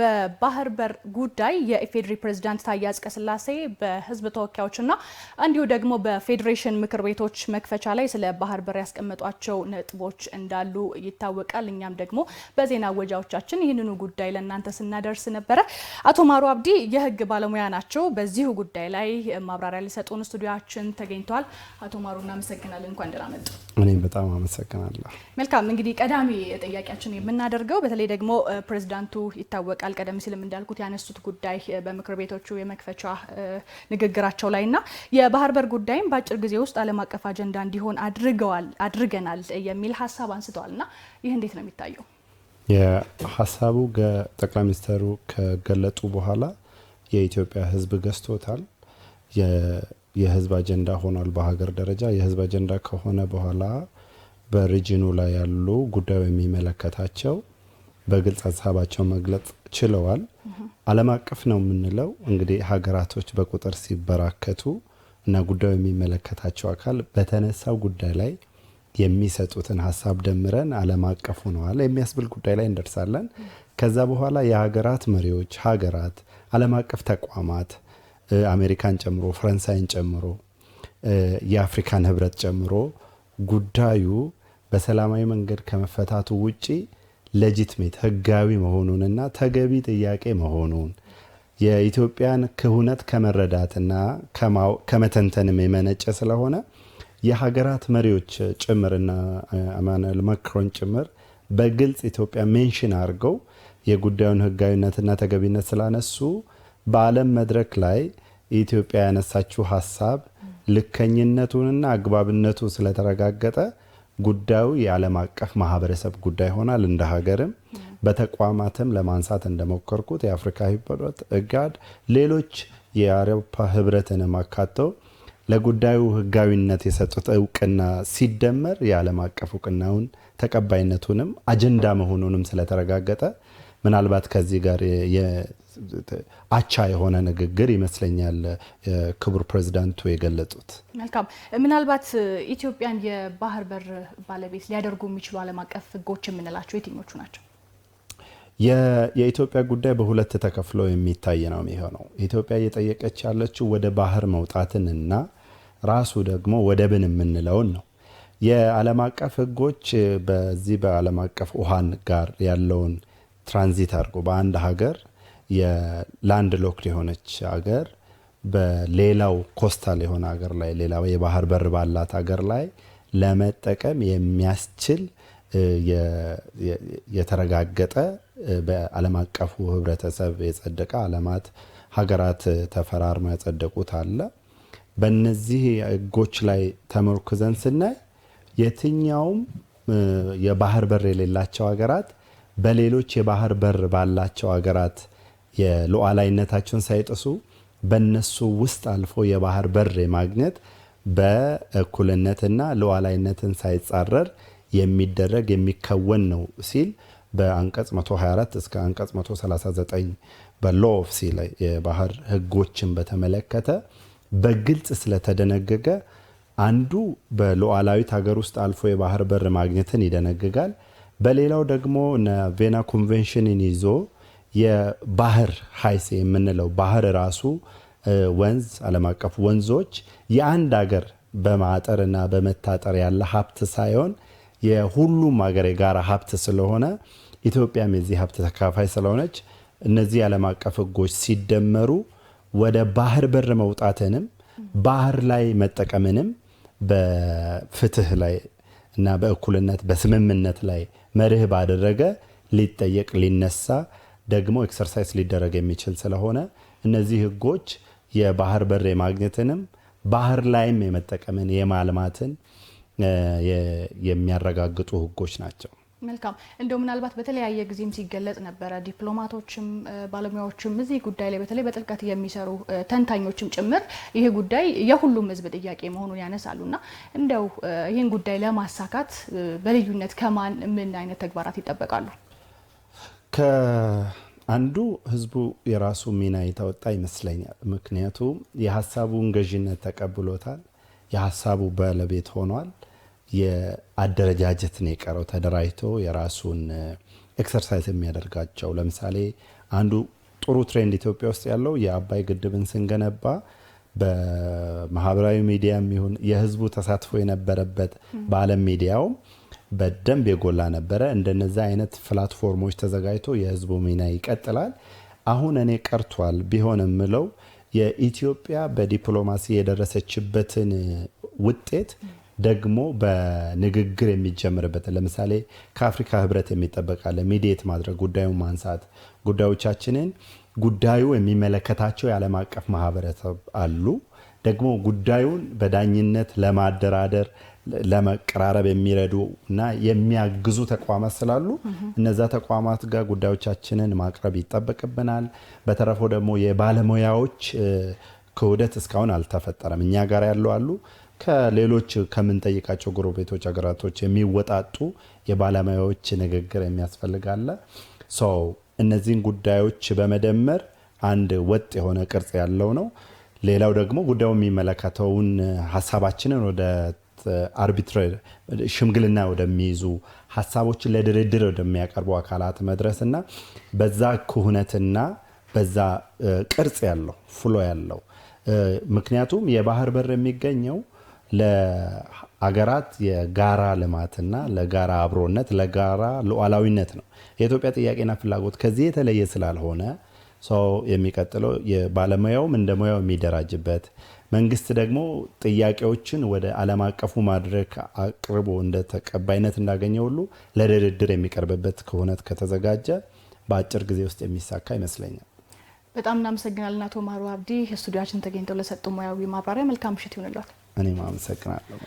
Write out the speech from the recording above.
በባህር በር ጉዳይ የኢፌዴሪ ፕሬዝዳንት ታዬ አጽቀሥላሴ ተወካዮች ተወካዮችና እንዲሁ ደግሞ በፌዴሬሽን ምክር ቤቶች መክፈቻ ላይ ስለ ባህር በር ያስቀመጧቸው ነጥቦች እንዳሉ ይታወቃል። እኛም ደግሞ በዜና ወጃዎቻችን ይህንኑ ጉዳይ ለእናንተ ስናደርስ ነበረ። አቶ ማሩ አብዲ የህግ ባለሙያ ናቸው። በዚሁ ጉዳይ ላይ ማብራሪያ ሊሰጡን ስቱዲዮችን ተገኝተዋል። አቶ ማሩ እናመሰግናለን። እንኳን ደህና መጡ። እኔም በጣም አመሰግናለሁ። መልካም እንግዲህ ቀዳሚ ጥያቄያችን የምናደርገው በተለይ ደግሞ ፕሬዝዳንቱ ይታወቃል ይመስላል። ቀደም ሲልም እንዳልኩት ያነሱት ጉዳይ በምክር ቤቶቹ የመክፈቻ ንግግራቸው ላይ እና የባህር በር ጉዳይም በአጭር ጊዜ ውስጥ ዓለም አቀፍ አጀንዳ እንዲሆን አድርገዋል አድርገናል የሚል ሀሳብ አንስተዋል እና ይህ እንዴት ነው የሚታየው? የሀሳቡ ጠቅላይ ሚኒስትሩ ከገለጡ በኋላ የኢትዮጵያ ሕዝብ ገዝቶታል። የሕዝብ አጀንዳ ሆኗል። በሀገር ደረጃ የሕዝብ አጀንዳ ከሆነ በኋላ በሪጅኑ ላይ ያሉ ጉዳዩ የሚመለከታቸው በግልጽ ሀሳባቸው መግለጽ ችለዋል። ዓለም አቀፍ ነው የምንለው እንግዲህ ሀገራቶች በቁጥር ሲበራከቱ እና ጉዳዩ የሚመለከታቸው አካል በተነሳው ጉዳይ ላይ የሚሰጡትን ሀሳብ ደምረን ዓለም አቀፍ ሆነዋል የሚያስብል ጉዳይ ላይ እንደርሳለን። ከዛ በኋላ የሀገራት መሪዎች፣ ሀገራት፣ ዓለም አቀፍ ተቋማት አሜሪካን ጨምሮ ፈረንሳይን ጨምሮ የአፍሪካን ህብረት ጨምሮ ጉዳዩ በሰላማዊ መንገድ ከመፈታቱ ውጪ ለጅትሜት ህጋዊ መሆኑንና ተገቢ ጥያቄ መሆኑን የኢትዮጵያን ክሁነት ከመረዳትና ከመተንተንም የመነጨ ስለሆነ የሀገራት መሪዎች ጭምርና ኢማኑኤል ማክሮን ጭምር በግልጽ ኢትዮጵያ ሜንሽን አድርገው የጉዳዩን ህጋዊነትና ተገቢነት ስላነሱ በዓለም መድረክ ላይ ኢትዮጵያ ያነሳችው ሀሳብ ልከኝነቱንና አግባብነቱ ስለተረጋገጠ ጉዳዩ የዓለም አቀፍ ማህበረሰብ ጉዳይ ሆናል። እንደ ሀገርም በተቋማትም ለማንሳት እንደሞከርኩት የአፍሪካ ህብረት፣ እጋድ፣ ሌሎች የአውሮፓ ህብረትንም አካተው ለጉዳዩ ህጋዊነት የሰጡት እውቅና ሲደመር የዓለም አቀፍ እውቅናውን ተቀባይነቱንም አጀንዳ መሆኑንም ስለተረጋገጠ ምናልባት ከዚህ ጋር አቻ የሆነ ንግግር ይመስለኛል ክቡር ፕሬዚዳንቱ የገለጹት። መልካም ምናልባት ኢትዮጵያን የባህር በር ባለቤት ሊያደርጉ የሚችሉ ዓለም አቀፍ ህጎች የምንላቸው የትኞቹ ናቸው? የኢትዮጵያ ጉዳይ በሁለት ተከፍሎ የሚታይ ነው የሚሆነው። ኢትዮጵያ እየጠየቀች ያለችው ወደ ባህር መውጣትንና ራሱ ደግሞ ወደብን የምንለውን ነው። የዓለም አቀፍ ህጎች በዚህ በዓለም አቀፍ ውሃን ጋር ያለውን ትራንዚት አድርጎ በአንድ ሀገር የላንድ ሎክድ የሆነች ሀገር በሌላው ኮስታል የሆነ ሀገር ላይ ሌላ የባህር በር ባላት ሀገር ላይ ለመጠቀም የሚያስችል የተረጋገጠ በዓለም አቀፉ ህብረተሰብ የጸደቀ ዓለማት ሀገራት ተፈራርመው ያጸደቁት አለ። በነዚህ ህጎች ላይ ተመርኩዘን ስናይ የትኛውም የባህር በር የሌላቸው ሀገራት በሌሎች የባህር በር ባላቸው ሀገራት የሉዓላዊነታቸውን ሳይጥሱ በነሱ ውስጥ አልፎ የባህር በር ማግኘት በእኩልነትና ሉዓላዊነትን ሳይጻረር የሚደረግ የሚከወን ነው ሲል በአንቀጽ 124 እስከ አንቀጽ 139 በሎ ኦፍ ሲ ላይ የባህር ህጎችን በተመለከተ በግልጽ ስለተደነገገ አንዱ በሉዓላዊት ሀገር ውስጥ አልፎ የባህር በር ማግኘትን ይደነግጋል። በሌላው ደግሞ ቬና ኮንቬንሽንን ይዞ የባህር ሀይሴ የምንለው ባህር ራሱ ወንዝ ዓለም አቀፍ ወንዞች የአንድ ሀገር በማጠርና በመታጠር ያለ ሀብት ሳይሆን የሁሉም ሀገር የጋራ ሀብት ስለሆነ ኢትዮጵያም የዚህ ሀብት ተካፋይ ስለሆነች እነዚህ የዓለም አቀፍ ሕጎች ሲደመሩ ወደ ባህር በር መውጣትንም ባህር ላይ መጠቀምንም በፍትህ ላይ እና በእኩልነት በስምምነት ላይ መርህ ባደረገ ሊጠየቅ ሊነሳ ደግሞ ኤክሰርሳይዝ ሊደረግ የሚችል ስለሆነ እነዚህ ህጎች የባህር በር የማግኘትንም ባህር ላይም የመጠቀምን የማልማትን የሚያረጋግጡ ህጎች ናቸው። መልካም እንደው ምናልባት በተለያየ ጊዜም ሲገለጽ ነበረ። ዲፕሎማቶችም ባለሙያዎችም እዚህ ጉዳይ ላይ በተለይ በጥልቀት የሚሰሩ ተንታኞችም ጭምር ይህ ጉዳይ የሁሉም ህዝብ ጥያቄ መሆኑን ያነሳሉና እንደው ይህን ጉዳይ ለማሳካት በልዩነት ከማን ምን አይነት ተግባራት ይጠበቃሉ? አንዱ ህዝቡ የራሱ ሚና የተወጣ ይመስለኛል። ምክንያቱም የሀሳቡን ገዥነት ተቀብሎታል። የሀሳቡ ባለቤት ሆኗል። የአደረጃጀት ነው የቀረው ተደራጅቶ የራሱን ኤክሰርሳይዝ የሚያደርጋቸው ለምሳሌ አንዱ ጥሩ ትሬንድ ኢትዮጵያ ውስጥ ያለው የአባይ ግድብን ስንገነባ በማህበራዊ ሚዲያም ይሁን የህዝቡ ተሳትፎ የነበረበት በዓለም ሚዲያውም በደንብ የጎላ ነበረ። እንደነዚ አይነት ፕላትፎርሞች ተዘጋጅቶ የህዝቡ ሚና ይቀጥላል። አሁን እኔ ቀርቷል ቢሆን የምለው የኢትዮጵያ በዲፕሎማሲ የደረሰችበትን ውጤት ደግሞ በንግግር የሚጀምርበትን ለምሳሌ ከአፍሪካ ህብረት የሚጠበቃለ ሚዲየት ማድረግ ጉዳዩን ማንሳት ጉዳዮቻችንን ጉዳዩ የሚመለከታቸው የዓለም አቀፍ ማህበረሰብ አሉ ደግሞ ጉዳዩን በዳኝነት ለማደራደር ለመቀራረብ የሚረዱ እና የሚያግዙ ተቋማት ስላሉ እነዛ ተቋማት ጋር ጉዳዮቻችንን ማቅረብ ይጠበቅብናል። በተረፎ ደግሞ የባለሙያዎች ክውደት እስካሁን አልተፈጠረም። እኛ ጋር ያሉ አሉ ከሌሎች ከምንጠይቃቸው ጎረቤቶች ሀገራቶች የሚወጣጡ የባለሙያዎች ንግግር የሚያስፈልጋለ ሰው እነዚህን ጉዳዮች በመደመር አንድ ወጥ የሆነ ቅርጽ ያለው ነው። ሌላው ደግሞ ጉዳዩ የሚመለከተውን ሀሳባችንን ወደ አርቢትሬር ሽምግልና ወደሚይዙ ሀሳቦችን ለድርድር ወደሚያቀርቡ አካላት እና በዛ ክሁነትና በዛ ቅርጽ ያለው ፍሎ ያለው ምክንያቱም የባህር በር የሚገኘው ለአገራት የጋራ ልማትና ለጋራ አብሮነት፣ ለጋራ ሉዓላዊነት ነው። የኢትዮጵያ ጥያቄና ፍላጎት ከዚህ የተለየ ስላልሆነ ሰው የሚቀጥለው ባለሙያውም እንደ ሙያው የሚደራጅበት መንግስት ደግሞ ጥያቄዎችን ወደ ዓለም አቀፉ ማድረግ አቅርቦ እንደ ተቀባይነት እንዳገኘ ሁሉ ለድርድር የሚቀርብበት ከሆነት ከተዘጋጀ በአጭር ጊዜ ውስጥ የሚሳካ ይመስለኛል። በጣም እናመሰግናለን አቶ ማሩ አብዲ ስቱዲያችን ተገኝተው ለሰጡ ሙያዊ ማብራሪያ። መልካም ምሽት ይሆንላት። እኔም አመሰግናለሁ።